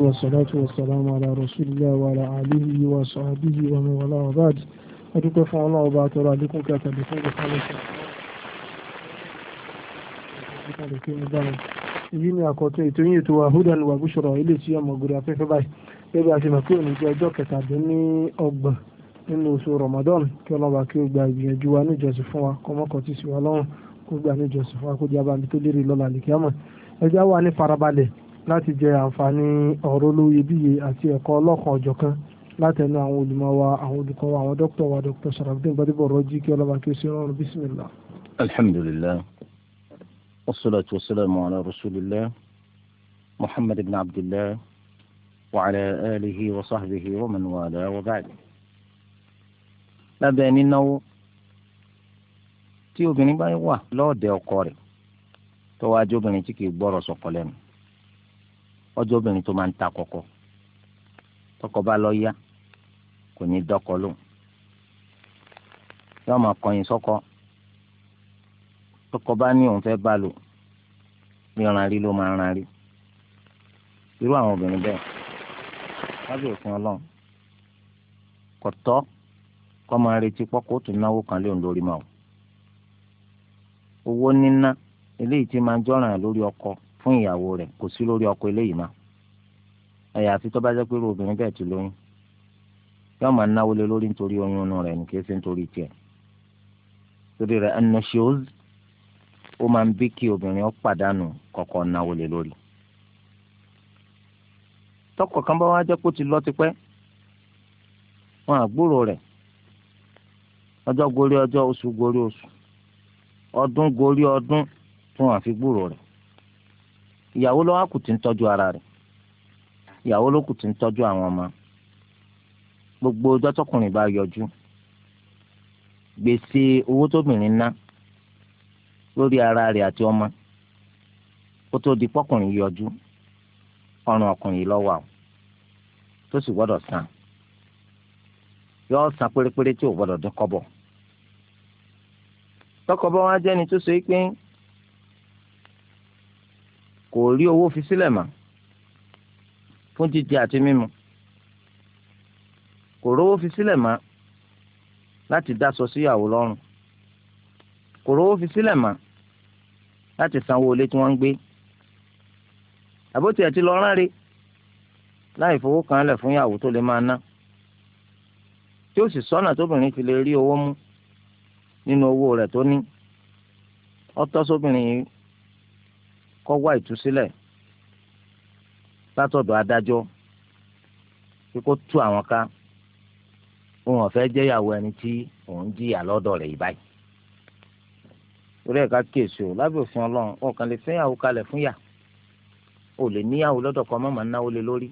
والصلاة والسلام على رسول الله وعلى آله وصحبه ومن والاه وبعد أدوك فعلا وبعد رأيكم كتابكم بخالصة èyí ni àkọ́tún ètò yìí ètò àhúdàn wà búṣọ̀rọ̀ ilé tí ọmọ ògùrì afẹ́fẹ́ báyìí gẹ́gẹ́ àti màkì òní jẹ́ ọjọ́ kẹtàdínní ọgbọ̀n nínú oṣù Ramadan kí ọlọ́ba kí ó gba ìgbìyànjú wa níjọsìn fún wa kọ́mọ́kọ́ tí sì wá lọ́rùn kó gbà níjọsìn fún wa kó jẹ́ abàmì tó lérè lọ́la àlìkíyàmọ̀ ẹjọ́ wa ní farabalẹ̀ láti jẹ àǹfààní ọ̀rọ̀ olówó iyebíye àti ẹ̀kọ́ ọlọ́kan ọ̀jọ̀kan látẹnu àwọn olùmọ̀ wa àwọn olùkọ́ wa àwọn dókítà wa dókítà sàràbídìn gbadébọ̀ rọ́jí kí ọlọ́ba kí o ṣe rọrùn bísímìlá. alhamdulillah wasalaatu wasalaamu ala rasulillah muhammad ibn abdillah wa ala alihi wa sahbihi wa man wala wa ba'd. lábẹ́ nínáwó tí obìnrin bá wà lọ́ọ̀dẹ̀ ọkọ rẹ̀ tó wájú obìnrin tí kì í gbọ́rọ̀ sọ̀kọ lẹ́nu ọjọ́ obìnrin tó máa ń ta kọ̀kọ̀ tọkọ bá lọ yá kò ní dọ́kọ lóhùn yóò máa kọ̀yìn sọ́kọ tọkọ bá ní òun fẹ́ bá lò ríran rí ló máa ran rí irú àwọn obìnrin bẹ́ẹ̀ lábẹ́ òfin ọlọ́run kò tọ́ kó máa retí pọ́kó tó náwó kan léun lórí mọ́ owó níná eléyìí tí máa jọ́ràn lórí ọkọ fún ìyàwó rẹ̀ kò sí lórí ọkọ eléyìí náà ẹ̀yà àfi tó bá jẹ́ pé irú obìnrin bẹ́ẹ̀ ti lóyún yóò máa náwó lé lórí nítorí oyún inú rẹ̀ ní kìí ṣe nítorí tiẹ̀ torí rẹ̀ anashios ó máa ń bí kí obìnrin ó pàdánù kọ́kọ́ náwó lé lórí tọkọ kan bá wá jẹ́ pé ó ti lọ tipẹ́ wọn àgbúrò rẹ̀ ọjọ́ gorí ọjọ́ oṣù gorí oṣù ọdún gorí ọdún tí àfi gbúrò rẹ̀ ìyàwó ló wá kù tí ń tọ́jú ara rẹ̀ ìyàwó ló kù tí ń tọ́jú àwọn ọmọ gbogbo ọjọ́ tọkùnrin bá yọjú gbèsè owó tóbìnrin ná lórí ara rẹ̀ àti ọmọ kó tó di pọ́kùnrin yọjú ọrùn ọkùnrin lọ́wọ́ àwọn tó sì gbọ́dọ̀ san yọ san pérépéré tí ò gbọ́dọ̀ dín kọ́bọ̀ tọkọ bá wá jẹ́ni tó so yí pé rí owó fi sílẹ̀ mọ́ fún jíjẹ àti mímu kò rówó fi sílẹ̀ mọ́ láti dáṣọ síyàwó lọ́rùn kò rówó fi sílẹ̀ mọ́ láti sanwó ilé tí wọ́n ń gbé àbótiẹ̀ ti lọ rán re láì fowó kan lẹ̀ fún ìyàwó tó lè máa ná tí ó sì sọ́nà tóbìnrin fi lè rí owó mú nínú owó rẹ̀ tó ní ọtọ́ sóbìnrin kó wá ìtúsílẹ̀ látọ̀dọ̀ adájọ́ pé kó tú àwọn ká òun ọ̀fẹ́ jẹ́yàwó ẹni tí òun jìyà lọ́dọ̀ rẹ̀ yìí báyìí torí ẹ̀ ká kíyèsí o lábẹ́ òfin ọlọ́run ọ̀kan lè fẹ́yàwó kalẹ̀ fún yà o lè níyàwó lọ́dọ̀ kan mọ́mọ́ náwó lé lórí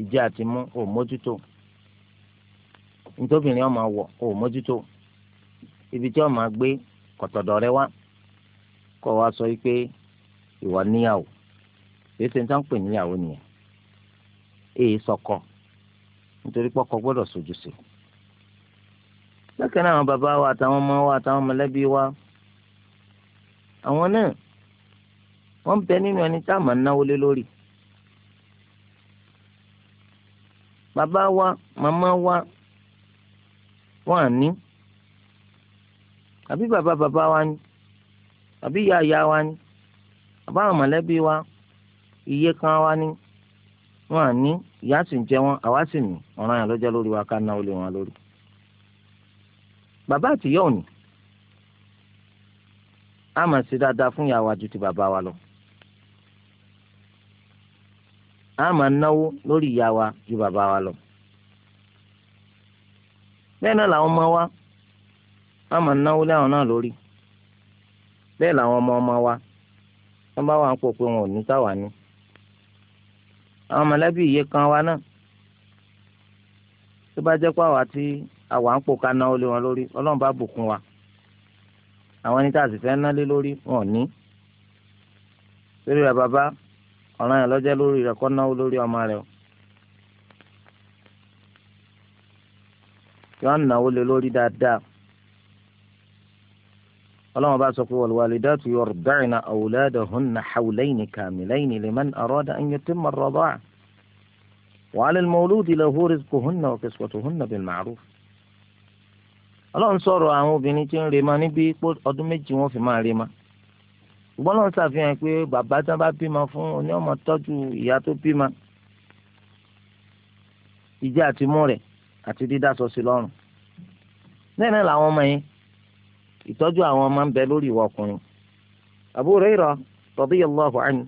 ìjẹ́ àti mú o mójútó nítòbìnrin ọmọ wọ̀ o mójútó ibi tí ọmọ gbé kọ̀tọ̀dọ̀ rẹ wá kọ́ wa sọ pé ìwọ níyàwó èyí tí n tán pè níyàwó nìyẹn èyí sọkọ nítorí pọkọ gbọ́dọ̀ sojú sí lẹ́kẹ̀ẹ́ náà bàbá wa àtàwọn ọmọ wa àtàwọn mọ̀lẹ́bí wa àwọn náà wọ́n bẹ nínú ẹni tá a máa náwó lé lórí bàbá wa màmá wa wọ́n à ní àbí bàbá bàbá wa ni àbí ìyá wa ni àbáwọn mọ̀lẹ́bí wa iye kan wá ní wọn à ní ìyá sì ń jẹ wọn àwa sì ní ọ̀ràn yẹn lọ́jọ́ lórí wa ká náwó lé wọn lórí. bàbá àtìyá òní a máa ṣe dáadáa fún ìyá wa ju ti bàbá wa lọ. a máa náwó lórí ìyá wa ju bàbá wa lọ. bẹ́ẹ̀ náà làwọn ọmọ wa a máa náwó lé àwọn náà lórí. bẹ́ẹ̀ làwọn ọmọ ọmọ wa wọ́n bá wà ń pò wọn ò ní táwa ní. àwọn mọ̀lẹ́bí iye kan wa náà tó bá jẹ́ pé àwa tí àwa ń pò ká náwó lé wọn lórí ọlọ́run bá bùkún wa àwọn ẹni tá a sì fẹ́ ná lé lórí wọn ò ní. lórí rẹ̀ bàbá ọ̀ràn yẹn lọ́jẹ́ lórí rẹ̀ kọ́ náwó lórí ọmọ rẹ̀ o. yọ̀ọ́ náwó lé lórí dáadáa ọlọ́run bá sọ pé wal-walidatu yurdi'na awladahunna hawlayni kamilayni liman arada an yutimma ar-rida'a wa 'ala al-mawludi lahu rizquhunna wa kiswatuhunna bil-ma'ruf. ọlọ́run sọ̀rọ̀ àwọn obìnrin tí ń rema níbi ọdún méjì wọ́n fi máa rema ṣùgbọ́n lọ́n ṣàfihàn pé bàbá tí wọ́n bá bímọ fún oní ọmọ tọ́jú ìyá tó bímọ ìjẹ́ ìtọ́jú àwọn ọmọ ń bẹ lórí ìwọ ọkùnrin Abu Huraira radiyallahu anhu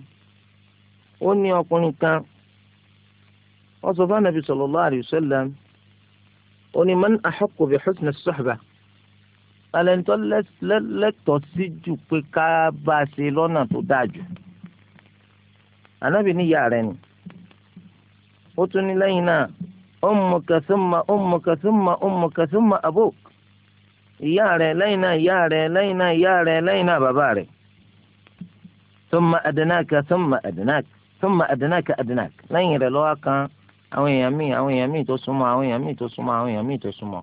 ó ní ọkùnrin kan wọ́n sọ fún anabi sallallahu alayhi wa sallam ó ní man ahaqqu bi husni suhba alẹ́ntọ́ lẹ́tọ̀ọ́ sí jù pé ká bá a ṣe lọ́nà tó dáa jù anabi ní ìyá rẹ̀ ni ó tún ní lẹ́yìn náà ummuka thumma ummuka thumma ummuka thumma abuk ìyá rẹ̀ lẹ́yìn náà ìyá rẹ̀ lẹ́yìn náà ìyá rẹ̀ lẹ́yìn náà bàbá rẹ̀ thumma adnaka thumma adnaka thumma adnaka adnaka lẹ́yìn rẹ̀ lọ́wọ́ kan àwọn èèyàn míì àwọn èèyàn míì tó súnmọ́ àwọn èèyàn míì tó súnmọ́ àwọn èèyàn míì tó súnmọ́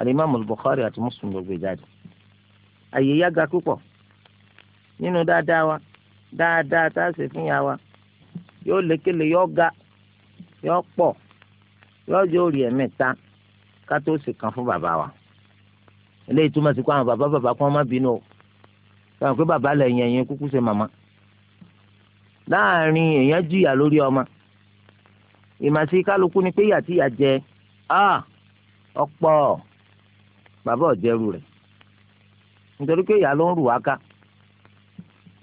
alimami Bukhari àti Muslim ló gbé jáde àyè yága púpọ̀ nínú dáadáa wa dáadáa tá a ṣe fún ya wa yóò lékele yóò ga yóò pọ̀ yóò yóò rí ẹ̀mẹ́ta ká tó sì kan fún bàbá wa eléyìí túmọ̀ sí pé àwọn bàbá bàbá kan má bínú o káwọn pé bàbá lẹ́yìn ẹ̀yìn kúkú ṣe màmá láàrin èèyàn jìyà lórí ọmọ ìmàsí kálukú ni pé ìyà tí ìyà jẹ ọ̀pọ̀ bàbá ọ̀jẹ̀rù rẹ̀ nítorí pé ìyá ló ń rù wá ká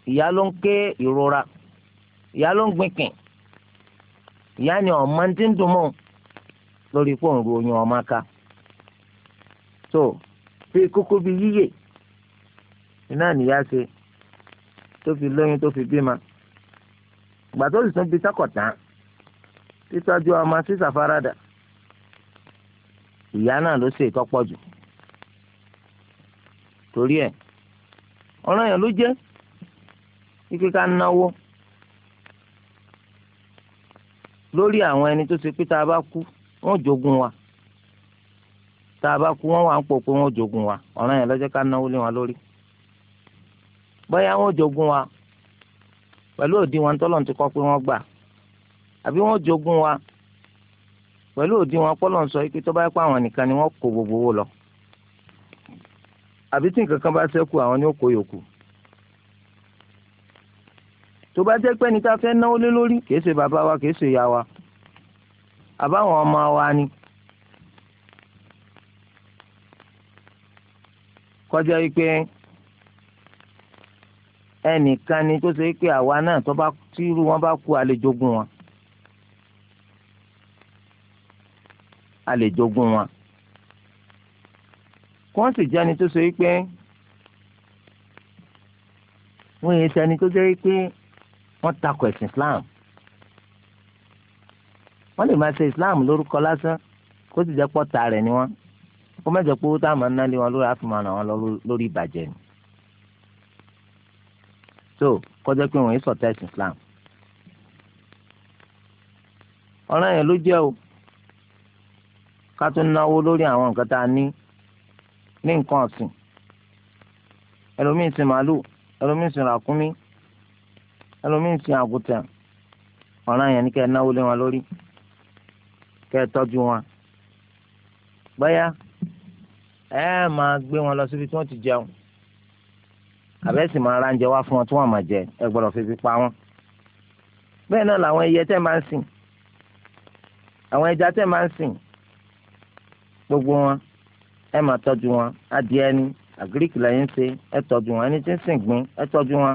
ìyá ló ń ké ìrora ìyá ló ń gbìnkìn ìyá ni ọmọ ti ń dùn mọ́ lórí pé òun ru oyún ọmọ ká ṣe kókó bíi yíyè iná nìyá ṣe tó fi lóyún tó fi bímọ ìgbà tó sì tún bí sákọ̀tàn títọ́jú ọmọ sísàfaradà ìyá náà ló ṣe ìtọ́pọ̀ jù torí ẹ̀ ọ̀ràn yẹn ló jẹ́ kíkẹ́ ká náwó lórí àwọn ẹni tó ṣe pé tá a bá kú wọ́n jogún wa tá a bá kú wọn wà ń pò pé wọn ò jogun wa ọ̀ràn yẹn lọ́jọ́ ká náwó lé wọn lórí bóyá wọn ò jogun wa pẹ̀lú òdiwọ̀n tọ́lọ̀ ti kọ́ pé wọ́n gbà àbí wọn ò jogun wa pẹ̀lú òdiwọ̀n pọ́lọ̀ ń sọ pé tó bá yẹ pé àwọn nìkan ni wọ́n kó gbogbo owó lọ àbí tí nǹkan kan bá ṣẹ́kù àwọn ni ó kó yòókù tó bá jẹ́ pé ẹni fẹ́ náwó lé lórí kìí ṣe bàbá wa kìí ṣe ìyá wa àbáwọn ọmọ wa ni. kọjá wípé ẹnìkan ni tó ṣe pé àwa náà tó bá tírú wọn bá kú àlejògùn wọn àlejògùn wọn kọ́n sì jẹ́ ẹni tó ṣe pé wọ́n yẹn ṣe tó jẹ́ pé wọ́n takò ẹ̀sìn Islam wọ́n lè máa ṣe Islam lórúkọ lásán kó sì jẹ́ pọ́ta rẹ̀ ni wọ́n kó má jẹ́ pé owó tá a máa ná lé wọn lórí àfihàn àwọn lórí ìbàjẹ́ ni so kọjá pé wọn yìí sọtẹ ẹsìn Islam ọ̀ràn yẹn ló jẹ́ o ká tún náwó lórí àwọn nǹkan tá a ní ní nǹkan ọ̀sìn ẹlòmíín sin màálù ẹlòmíín sin ràkúnmí ẹlòmíín sin àgùntàn ọ̀ràn yẹn ni kẹ́ ẹ náwó lé wọn lórí kẹ́ ẹ tọ́jú wọn báyà ẹ máa gbé wọn lọ síbi tí wọ́n ti jẹun àbẹ́sì máa ra oúnjẹ wá fún wọn tí wọ́n máa jẹ ẹ gbọ́dọ̀ fi fi pa wọn. bẹ́ẹ̀ náà làwọn ẹyẹ tẹ́ máa ń sìn àwọn ẹja tẹ́ máa ń sìn gbogbo wọn ẹ máa tọ́jú wọn adìẹ ni àgíríkì lẹ́yìn ṣe ẹ tọ́jú wọn ẹni tí ń sìn gbìn ẹ tọ́jú wọn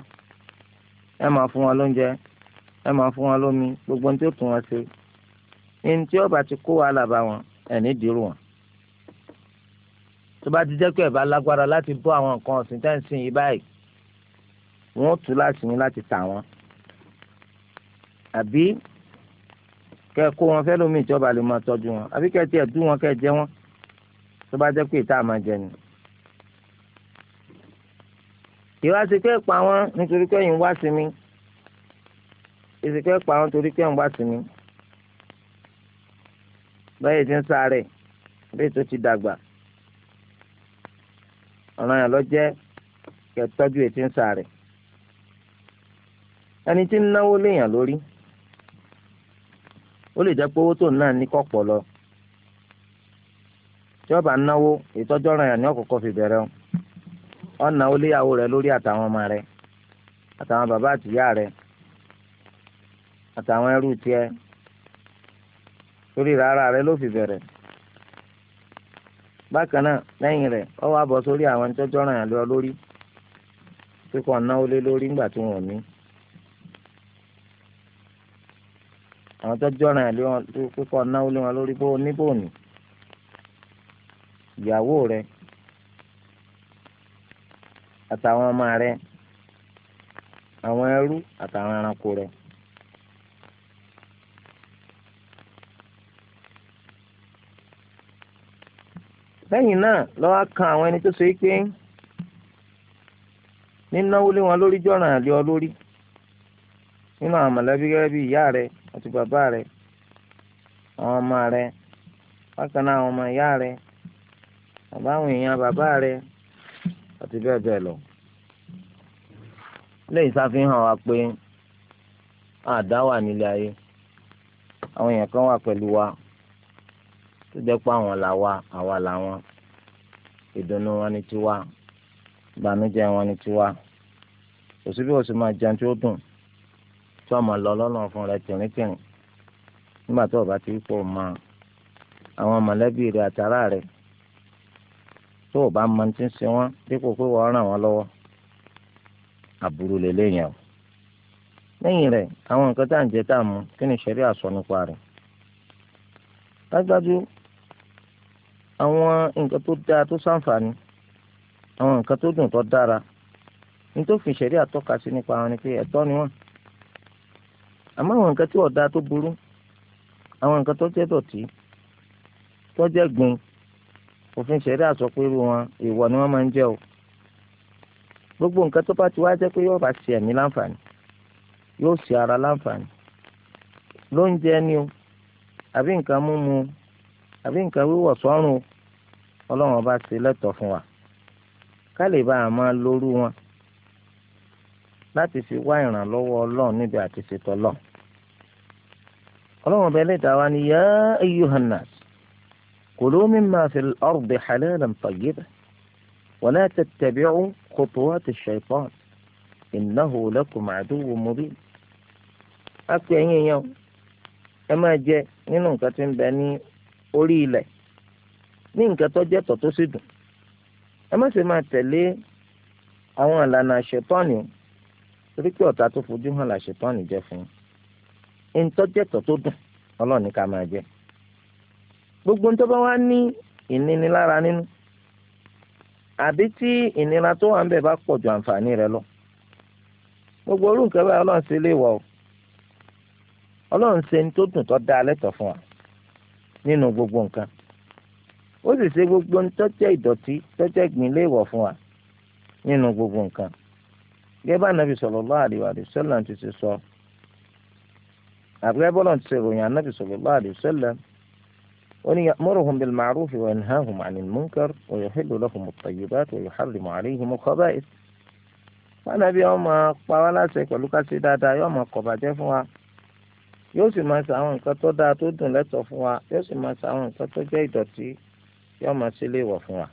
ẹ máa fún wọn lóúnjẹ ẹ máa fún wọn lómi gbogbo ohun tí ó tún wọn ṣe ẹni tí ó bá ti kó wàhálà bá wọn ẹ̀ dìrú wọn tó bá ti jẹ́ pé ẹ̀ bá lágbára láti bọ́ àwọn nǹkan ọ̀sìn tẹ́ǹsì yìí báyìí wọ́n tú láti yín láti tà wọ́n àbí kẹ́ kó wọn fẹ́ lómi ìjọba lè máa tọ́jú wọn àbí kẹ́ tiẹ̀ dú wọn kẹ́ jẹ wọn tó bá jẹ́ pé ìta àmà jẹ ni. ìwà ti pẹ́ pa wọn nítorí pé ẹ̀yin wá sí mi ìsìnkẹ́ pa wọn nítorí pé ẹ̀yin wá sí mi báyìí ti ń sáré bí ètò ti dàgbà. ọ̀ràn yẹn lọ jẹ́ kẹtọ́jú ètí ń sa rẹ̀ ẹni tí ń náwó léèyàn lórí ó lè jẹ́ pé owó tó náà ní kọ̀pọ̀ lọ tí ọba náwó ìtọ́jú ọ̀ràn yẹn ní na fi bẹ̀rẹ̀ o ọ̀nà oléyàwó rẹ̀ lórí àtàwọn ọmọ rẹ̀ àtàwọn bàbá àtìyá rẹ̀ àtàwọn ẹrú tiẹ̀ rárá rẹ̀ ló fi bẹ̀rẹ̀. bákan náà lẹ́yìn rẹ̀ ọ wá bọ̀ sórí àwọn ẹni tọ́jọ́ ràn yàn lọ lórí tí kò náwó lé lórí ńgbà tí wọn ò ní. àwọn tọ́jọ́ ràn yàn lé wọn tí kò náwó lé wọn lórí bó ní bò ní. ìyàwó rẹ̀ àtàwọn ọmọ rẹ̀ àwọn ẹrú àtàwọn ẹranko rẹ̀. lẹ́yìn náà lọ́wọ́ kan àwọn ẹni tó so é pé nínáwó lé wọn lórí jọ̀ràn àlẹ́ ọ lórí nínú àwọn mọ̀lẹ́bí gẹ́gẹ́ bí ìyá rẹ àti bàbá rẹ ọmọ rẹ bákan náà àwọn ọmọ ìyá rẹ èèyàn bàbá rẹ àti bẹ́ẹ̀ bẹ́ẹ̀ lọ. tó jẹ́ pé àwọn làwa àwa làwọn ìdùnnú wọn ni tiwa ìbànújẹ́ wọn ni tiwa kò sí bí wọ́n sì máa jẹun tí ó dùn tí wọ́n máa lọ lọ́nà fún rẹ tìrìntìrìn nígbà tó o bá ti pò mọ àwọn mọ̀lẹ́bí rẹ àtàrà rẹ tó o bá mọ ti ń wọn dípò pé wọ́n ràn wọ́n lọ́wọ́ àbúrò lélẹ́yìn o lẹ́yìn rẹ̀ àwọn nǹkan tá à ń jẹ tá à mú kí ni ṣẹ̀rí àsọnùpa rẹ̀ dájúdájú àwọn nǹkan tó dáa tó ṣàǹfààní àwọn nǹkan tó dùn tó dára nítòfin ìṣẹ̀rí àtọ́ka sí nípa wọn ni pé ẹ̀tọ́ ni wọ́n àmọ́ àwọn nǹkan tí ọ̀dà tó burú àwọn nǹkan tó jẹ́ dọ̀tí tó jẹ́ gbin òfin ìṣẹ̀rí àsọ pé irú wọn èèwọ̀ ni wọ́n máa ń jẹ́ o gbogbo nǹkan tó bá ti wá jẹ́ pé yóò bá ṣe ẹ̀mí láǹfààní yóò ṣe ara láǹfààní lóúnjẹ ni o àbí nǹkan múmu àbí nǹkan wíwọ̀ sọ́rùn o ọlọ́run ọba ṣe lẹ́tọ̀ọ́ fún wa ká lè bá a máa lórú wọn láti fi wá ìrànlọ́wọ́ ọlọ́run níbi àti ṣètò ọlọ́run ọlọ́run ọba ẹlẹ́dàá wa ni yá ayyuhan nas kulu mimma fil ardi halalan tayyiban wala tattabi'u khutuwati shaytan innahu lakum aduwwun mubin á pè ẹ̀yin yẹn o ẹ máa jẹ nínú nǹkan tí ń bẹ ní orí ilẹ̀ ní nǹkan tó jẹ́ tọ̀ tó sì dùn ẹ má ṣe máa tẹ̀lé àwọn ìlànà àṣetọ́ni torí pé ọ̀tá tó fojú hàn làṣetọ́ni jẹ́ fún un tó dùn gbogbo ń tó bá wá ní ìnínilára nínú àbí tí ìnira tó wà ń bẹ̀ bá pọ̀ ju àǹfààní rẹ lọ gbogbo orú nǹkan báyìí ọlọ́run ṣe lè wọ̀ ọ́ ọlọ́run ṣe tó dùn fún wa nínú gbogbo nǹkan ó sì ṣe gbogbo ntọ́jẹ́ ìdọ̀tí tọ́jẹ́ ìgbìnlẹ̀ ìwọ̀ fún wa nínú gbogbo nǹkan gẹ́gẹ́ bá nàbì sallallahu alaihi wa sallam ti ṣe sọ àgbẹ̀ bọ́lá ti ṣe ròyìn ànàbì sallallahu alaihi wa sallam ó ní ya'muruhum bil ma'rufi wa yanhahum 'anil munkar wa yuhillu lahum at-tayyibat wa yuharrimu 'alayhim al-khaba'ith fanabi yóò máa pa wá láṣẹ pẹ̀lú kásí dáadáa yóò máa kọ̀ bàjẹ́ fún wa yóò sì máa ṣe àwọn nǹkan tó dáa tó dùn lẹ́tọ̀ fún wa yóò sì máa ṣe àwọn nǹkan tó jẹ́ ìdọ̀tí yóò máa ṣe léèwọ̀ fún wa.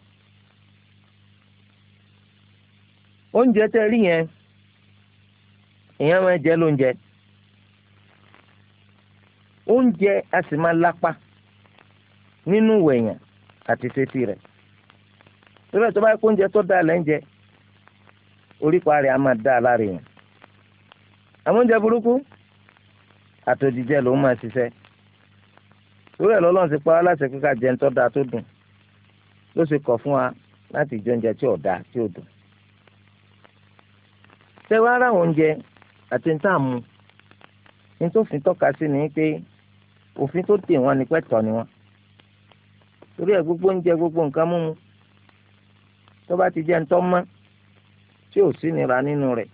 oúnjẹ tẹ rí yẹn ìyẹn máa jẹ lóúnjẹ oúnjẹ a sì máa lápá nínú wẹ̀yàn àti sétí rẹ̀ torí ẹ̀ tó bá yẹ kó oúnjẹ tó dáa lẹ́ńjẹ orípa rẹ̀ á máa dáa lára èèyàn àmọ́ oúnjẹ burúkú àtòjìjẹ lòún máa ṣiṣẹ́ torí lọ́lọ́run ti pa á láṣẹ kíkà jẹun tó dáa tó dùn ló ṣe kọ̀ fún wa láti jẹ oúnjẹ tí ò dáa tí ò dùn. tẹ́wọ́ ara oúnjẹ àti ní táàmù ní tó fi tọ́ka sí ni pé òfin tó dè wọ́n ni pẹ́tọ́ ni wọ́n. torí ẹ̀ gbogbo oúnjẹ gbogbo nǹkan múmu tó bá ti jẹ́ ń tọ́ mọ́ tí ò sí nira nínú rẹ̀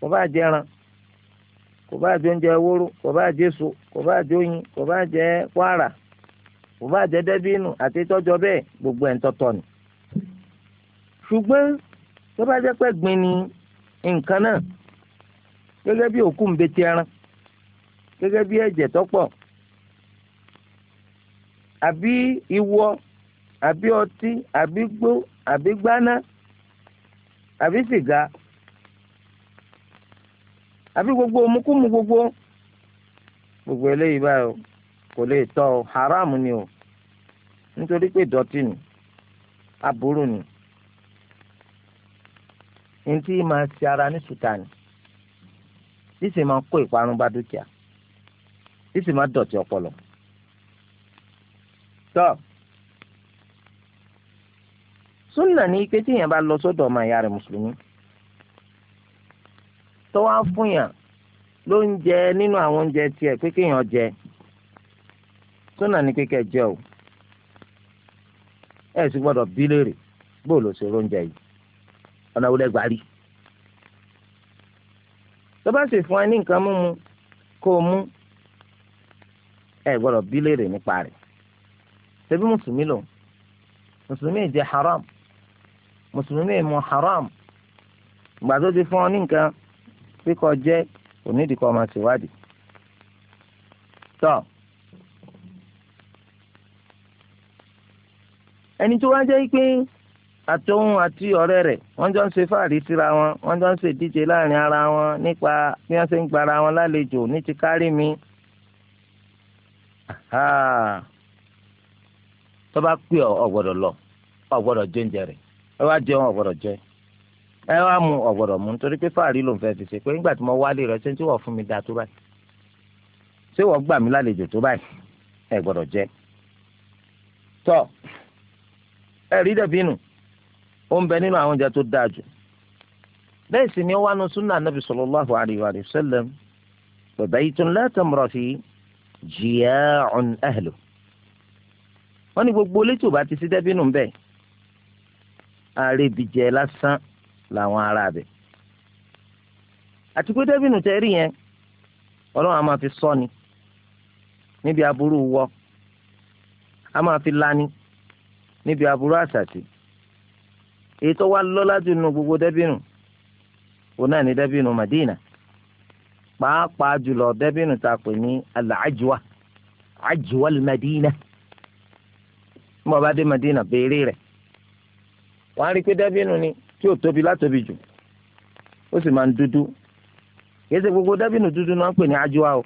kò bá jẹran kò bá jẹ oúnjẹ wóró kò bá jẹ èso kò bá jẹ oyin kò bá jẹ wàrà kò bá jẹ́ dẹ́bínú àti tọ́jọ́ bẹ́ẹ̀ gbogbo ẹ̀ ń tọ́tọ́ ni. ṣùgbọ́n tó bá jẹ́ pé gbin ni nǹkan náà gẹ́gẹ́ bí òkú ńbẹ́tì ẹran gẹ́gẹ́ bí ẹ̀jẹ̀ tọ́pọ̀ àbí ìwọ àbí ọtí àbí gbó àbí gbaná àbí sìgá àbí gbogbo omukumu gbogbo gbogbo eléyìí báyìí o kò lè tọ́ ọ haram ni o nítorí pé dọ̀tí ni aburú ni ní máa ṣe ara ní sùtà ni tí sì máa kó ìparun bá dúkìá tí sì máa dọ̀tí ọpọlọ. tọ́ súnà ní ike tí èèyàn bá lọ sọ́dọ̀ ọmọ ìyá rẹ̀ mùsùlùmí tó wá fún yàn lóúnjẹ nínú àwọn oúnjẹ tiẹ̀ pé kéèyàn jẹ súnà ní kíkẹ́ jẹ́ o ẹ̀ sì gbọ́dọ̀ bí léèrè bó ló ṣe oúnjẹ yìí ọ̀nà wo lẹ́gbàá rí tó bá sì fún ẹ ní nǹkan mímu kó o mú ẹ gbọ́dọ̀ bí léèrè nípa rẹ̀ ṣebí mùsùlùmí lò mùsùlùmí jẹ haram mùsùlùmí mu haram ìgbà tó ti fún ọ ní nǹkan kíkọ jẹ onídìí kọ ọmọ síwádìí tọ. So, ẹni tó wá jẹ́ pé àtòun àti ọ̀rẹ́ rẹ̀ wọ́n jọ ń ṣe fàárí síra wọn wọ́n jọ ń ṣe ìdíje láàrin ara wọn nípa bí wọ́n ṣe ń gbara wọn lálejò ní ti kárí mi. tó bá pè ọ́ ò gbọ́dọ̀ lọ ò gbọ́dọ̀ jẹ oúnjẹ rẹ̀ ẹ wá jẹun ò gbọ́dọ̀ jẹ ẹ wá mu ò gbọ́dọ̀ mu nítorí pé fàárí ló ń fẹ́ fi ṣe pé nígbà tí mo wálé rẹ̀ ṣé tí wọ́n fún mi dáa tó báyìí ṣé wọ́n gbà mí lálejò tó báyìí ẹ gbọ́dọ̀ jẹ tọ́. So, ẹ̀rí dẹ̀bí nù ó ń bẹ nínú àwọn oúnjẹ tó dáa jù bẹ́ẹ̀ sì ni ó wá nu súnà nàbì sallallahu alayhi wa sallam wa baytun la tamra fi jiya'un ahlu wọ́n ní gbogbo létí ò bá ti sí dẹ̀bí nù bẹ́ẹ̀ àrèbìjẹ́ lásán làwọn ará bẹ̀ àti pé dẹ̀bí tẹ́ rí yẹn ọlọ́run a máa fi sọ ni níbi aburú wọ a máa fi lani níbi aburú àṣàtì èyí tó wá lọ́lá jù nù gbogbo dẹ́bìnù òun náà ní dẹ́bìnù Madina pàápàá jùlọ dẹ́bìnù tá a pè ní al-ajwa ajwa al-Madina ń bọ̀ bá dé Madina béèrè rẹ̀ wọ́n á rí i pé dẹ́bìnù ni tí ò tóbi látòbi jù ó sì máa ń dúdú kìí gbogbo dẹ́bìnù dúdú náà ń pè ní ajwa o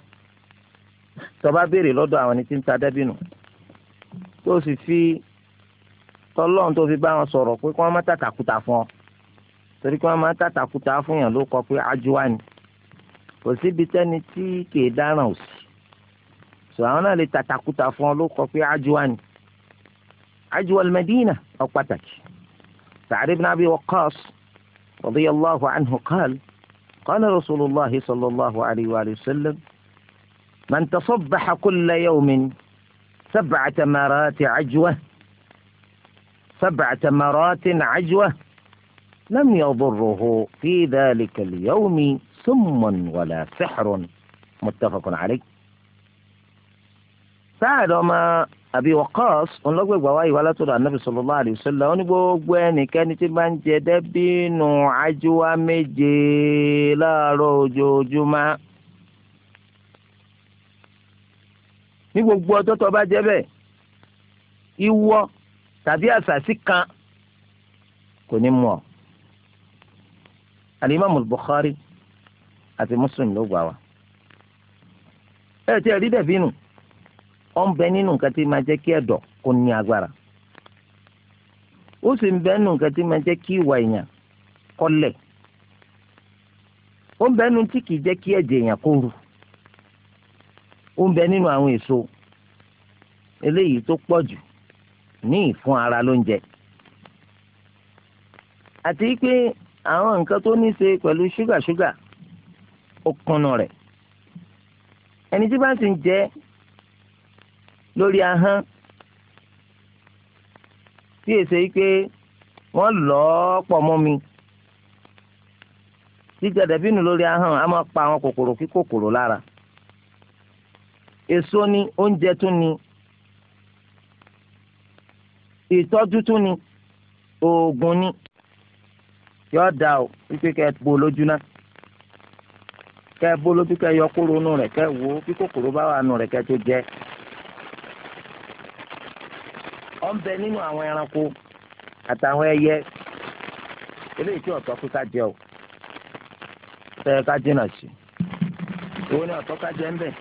tó béèrè lọ́dọ̀ àwọn ẹni tí ń ta dẹ́bìnù tó sì fi tọ́lọ́run tó fi bá wọn sọ̀rọ̀ pé kí wọ́n má tàtàkùtà fún ọ torí kí wọ́n má tàtàkùtà fún yàn ló kọ pé ajúwa ni kò síbi tẹ́ni tí kìí dáràn ò sí sọ àwọn náà lè tàtàkùtà fún ọ ló kọ pé ajúwa ni ajuwa lè mẹdínà ọ pàtàkì nàbí Sa'd ibn Abi Waqqas radiyallahu anhu qala qala Rasulullah sallallahu alayhi wa sallam man tasabbaha kulla yawmin sab'ata marati ajwa. سبع تمرات عجوة لم يضره في ذلك اليوم سم ولا سحر متفق عليه سعد ما àbí wọ́kọ́s ọlọ́gbẹ̀gbà wáyé wa látọ̀dọ̀ anábì sallallahu alaihi wasallam ó ní gbogbo ẹnikẹ́ni tí bá ń jẹ dẹ́bìnú ajúwa méje láàárọ̀ ojoojúmọ́. ní gbogbo ọjọ́ tó bá jẹ́ bẹ́ẹ̀ ìwọ tàbí àṣàṣì kan kò ní mú ọ. alimami Bukhari àti Muslim ló gbà wá. ẹ tí ẹ rí dẹ̀bí nù ọ ń bẹ nínú nǹkan tí máa jẹ́ kí ẹ̀dọ̀ kó ní agbára. ó sì ń bẹ nínú nǹkan tí máa jẹ́ kí ìwà èèyàn kọ́lẹ̀. ó ń bẹ nínú tí kìí jẹ́ kí ẹ̀jẹ̀ èèyàn kó ru. ó ń bẹ nínú àwọn èso eléyìí tó pọ̀ jù ní ìfún ara lóúnjẹ. àti pé àwọn nǹkan tó ní í ṣe pẹ̀lú ṣúgà ṣúgà ó kùnà rẹ̀ ẹni tí bá sì ń jẹ lórí ahọ́n tí èsè yìí pé wọ́n lọ́ pọ̀ mọ́ mi jíjẹ dẹ̀bínú lórí ahọ́n a máa pa àwọn kòkòrò kí kòkòrò lára èso ni oúnjẹ tún ni ìtọ́jú tún ni oògùn ni yóò da o wípé kẹ́ ẹ bo lójú náà kẹ́ ẹ bo lójú kẹ́ ẹ yọ kóró nù rẹ̀ kẹ́ ẹ wo kí kòkòrò bá wà nù rẹ̀ kẹ́ ẹ tó jẹ. ó ń bẹ nínú àwọn ẹranko àtàwọn ẹyẹ eléyìí tí ọ̀tọ́ kú ká jẹ o tẹ́ẹ̀ ká jìnnà sí i owó ni ọ̀tọ́ ká jẹ ń bẹ̀.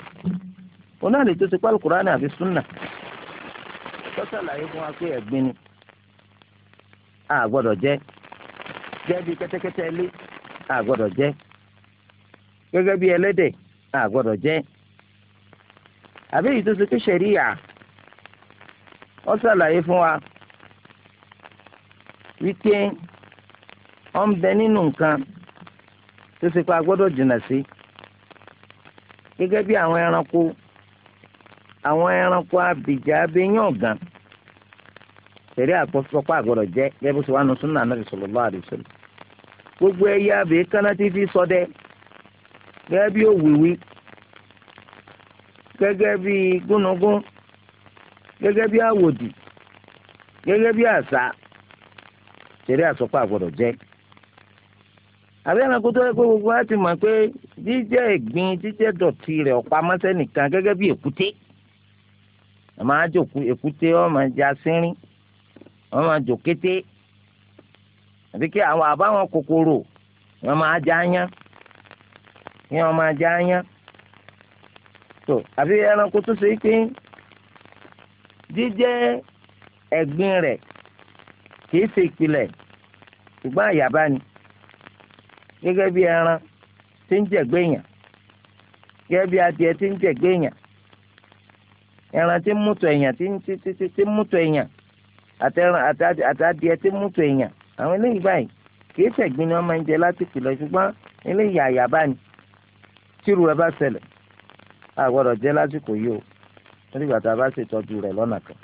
onáàlè tó ti pálukùránì àfi súnà tó ṣàlàyé fún wa pé ẹ̀gbin ni a gbọ́dọ̀ jẹ jẹ́ bí kẹ́tẹ́kẹ́tẹ́ ilé a gbọ́dọ̀ jẹ gẹ́gẹ́ bí ẹlẹ́dẹ̀ a gbọ́dọ̀ jẹ àbí èyí tó ṣe pé ṣẹ̀ríyà ó ṣàlàyé fún wa wípé ó ń bẹ nínú nǹkan tó ṣe pé a gbọ́dọ̀ jìnnà sí gẹ́gẹ́ bí àwọn ẹranko àwọn ẹranko abìjà abẹ́yàn gan sẹ̀rí àpọ̀fọ́pá àgbọ̀dọ̀ jẹ́ gẹ́gẹ́ bó ṣe wà nù súnà gbogbo ẹyẹ abèé kánná fi ṣọdẹ gẹ́gẹ́ bí òwìwí gẹ́gẹ́ bí gúnugún gẹ́gẹ́ bí àwòdì gẹ́gẹ́ bí àṣà sẹ̀rí àsọpá jẹ́. gbogbo mọ̀ pé jíjẹ́ ìgbín jíjẹ́ dọ̀tí rẹ̀ èkúté wọ́n máa jò kété àbí kí àwọn àbáwọn kòkòrò wọn máa jẹ àyàn kí wọ́n máa jẹ àyàn tó àbí ẹranko tó ṣe pé jíjẹ rẹ̀ kì í ṣe ìpìlẹ̀ ṣùgbọ́n àyàbá ni gẹ́gẹ́ bí ẹran tí ń jẹ̀gbẹ́ èèyàn gẹ́gẹ́ bí adìẹ ti ń jẹ èèyàn ẹran ń ti ń àtẹ̀ràn àtàdìẹ tí mútu èèyàn àwọn eléyìí báyìí kìí ṣẹ̀gbin ni wọ́n máa ń jẹ láti pìlọ̀ ṣùgbọ́n eléyìí àyàbá ni tírú ẹ bá ṣẹlẹ̀ àgbọ̀dọ̀ jẹ́ lásìkò yìí o torí bàtà bá ṣètọ́jú rẹ̀ lọ́nà kan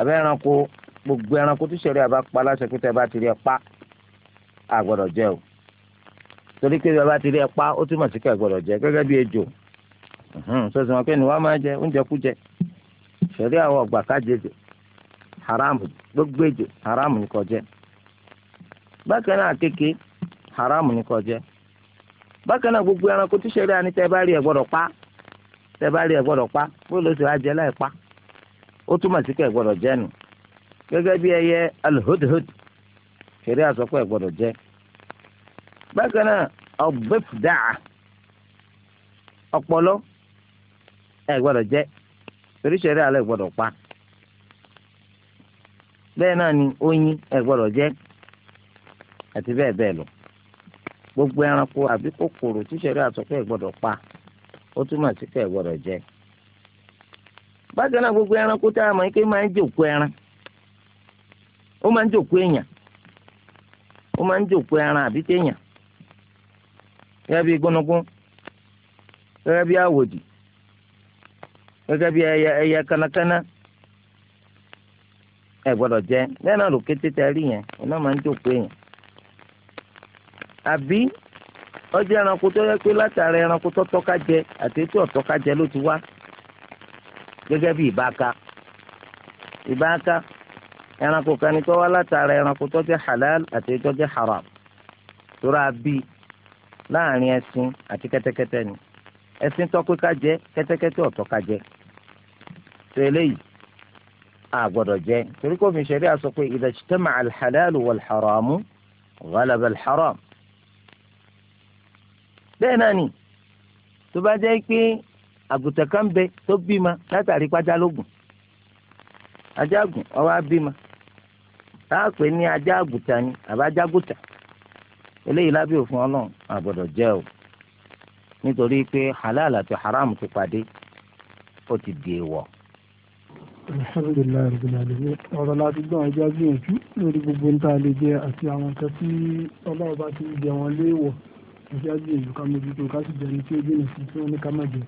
àbẹ́ ẹranko gbogbo ẹranko tó ṣẹlẹ̀ àbá pa láṣẹ pé tẹ́ bá ti rí ẹ pa àgbọ̀dọ̀ jẹ́ o torí pé bàbá ti rí ẹ pa ó túmọ̀ sí kẹ́ gbọ́dọ̀ jẹ gẹ́gẹ́ bí ejò sọ̀sọ̀ pé ni wọ́n máa jẹ oúnjẹ kú jẹ àwọn ọ̀gbà ká haramu gbogbo ejo haramu ni jẹ bákan náà haramu ni jẹ bákan náà gbogbo ẹranko tí sẹ́rí ni tẹ́ bá rí gbọ́dọ̀ pa tẹ́ bá rí gbọ́dọ̀ pa bó ló ṣe wá jẹ láì pa ó túmọ̀ sí pé gbọ́dọ̀ gẹ́gẹ́ bí ẹyẹ alhudhud sẹ́rí àsọpọ̀ ẹ̀ gbọ́dọ̀ jẹ bákan náà ọ̀gbẹ́fùdáà ọ̀pọ̀lọ́ bẹ́ẹ̀ náà ni oyin ẹ gbọ́dọ̀ jẹ àti bẹ́ẹ̀ bẹ́ẹ̀ gbogbo ẹranko àbí kòkòrò tíṣẹ̀rí àtọ́kọ́ ẹ gbọ́dọ̀ pa ó túmọ̀ sí pé ẹ gbọ́dọ̀ jẹ bákan náà gbogbo ẹranko tá a mọ̀ pé máa ń jòkó ẹran ó máa ń jòkó èèyàn ó máa ń jòkó ẹran àbí téèyàn gẹ́gẹ́ bí gbónúgbón gẹ́gẹ́ bí àwòdì gẹ́gẹ́ bí ẹyẹ ẹ gbọ́dọ̀ jẹ bẹ́ẹ̀ náà ló kété tẹ rí yẹn iná máa ń jókòó èèyàn. àbí ọjọ́ ẹranko tó yẹ pé látara ẹranko tó tọ́ka jẹ àti tí ò tọ́ka jẹ ló ti wá gẹ́gẹ́ bí ìbáka ìbáka ẹranko kan tó wá látara ẹranko tó jẹ halal àti tó jẹ haram tó rà bíi láàrin ẹṣin àti kẹ́tẹ́kẹ́tẹ́ ni ẹṣin tọ́ pé ká jẹ kẹ́tẹ́kẹ́tẹ́ ò tọ́ jẹ tó eléyìí àgbọ̀dọ̀ jẹ torí kò fi ṣẹ̀rí àsọ pé idha ijtama'a al-halalu wal-haramu ghalaba al-haram. bẹ́ẹ̀ náà ni tó bá jẹ́ pé àgùntàn kan bẹ tó bímọ látàrí pàjálógún ajagun ọwọ́ abímọ táà pé ní ajá àgùntàn ni àbájágùntàn eléyìí lábẹ́ òfin ọlọ́run àgbọ̀dọ̀ jẹ́ o nítorí pé halal àti haram ti pàdé ó ti di èèwọ̀ alhamdulilayi rabbil alamin ọ̀rọ̀ láti gbọ́n ẹja gbìyànjú lórí gbogbo ń tá a lè jẹ àti àwọn nǹkan tí ọlọ́run bá ti jẹ wọn léèwọ̀ ẹja gbìyànjú ká mójútó ká sì jẹni tí ó gbìyànjú sí tí wọ́n ní ká má jẹ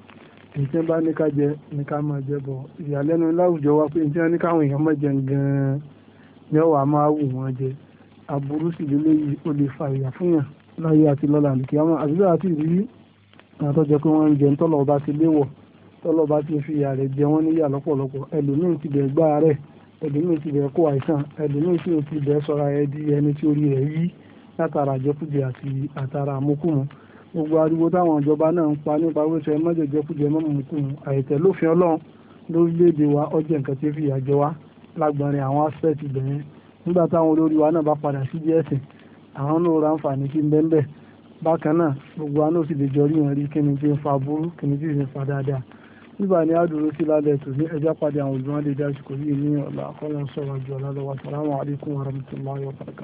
èyí tí wọ́n bá ní ká jẹ ní ká má jẹ bọ̀ ìyàlẹ́nu láwùjọ wa pé tí wọ́n ní káwọn èèyàn má jẹ gan-an ni ọ̀wà máa wù wọ́n jẹ aburú sì lé léyìí ó lè fa ìyà fún yàn láyé àti lọ́la àlùkìyàmọ́ àbí tọ́lọ́ba ti fi ìyà rẹ̀ jẹ wọ́n níyà lọ́pọ̀lọpọ̀ ẹlòmíì ti bẹ̀ gbá rẹ̀ ẹlòmíì ti bẹ̀ kó àìsàn ẹlòmíì sì ti bẹ̀ sọ́ra ẹ di ẹni tí orí rẹ̀ yí látara àjẹkújẹ àti àtara àmúkùmù gbogbo ariwo táwọn ìjọba náà ń pa nípa wíṣọ ẹ mọ́jọ jẹkújẹ mọ́mùkùmù àìtẹ́ lófin ọlọ́run lórílẹ̀‐èdè wa ọjọ́ nǹkan tí fi ìyà jẹ wá lágbọ̀nrin àwọn aspect bẹ̀rẹ̀ nígbà táwọn olórí wa náà bá padà sí díẹ̀ sìn àwọn náà ra àǹfààní sí bẹ́ńbẹ́ bákan náà gbogbo wa náà sì lè rí ìrìn rí kíni tí ń fa burú kíni tí ń fa dáadáa nígbà ní àdúró sí lálẹ́ tó ní ẹjá padà àwọn olùwádìí dájú kò ní ìní ọ̀la akọ́lọ́ sọ̀rọ̀ àjọ ọ̀la lọ́wọ́ sàlámù alaykum wa rahmatulahi wa barakatuh.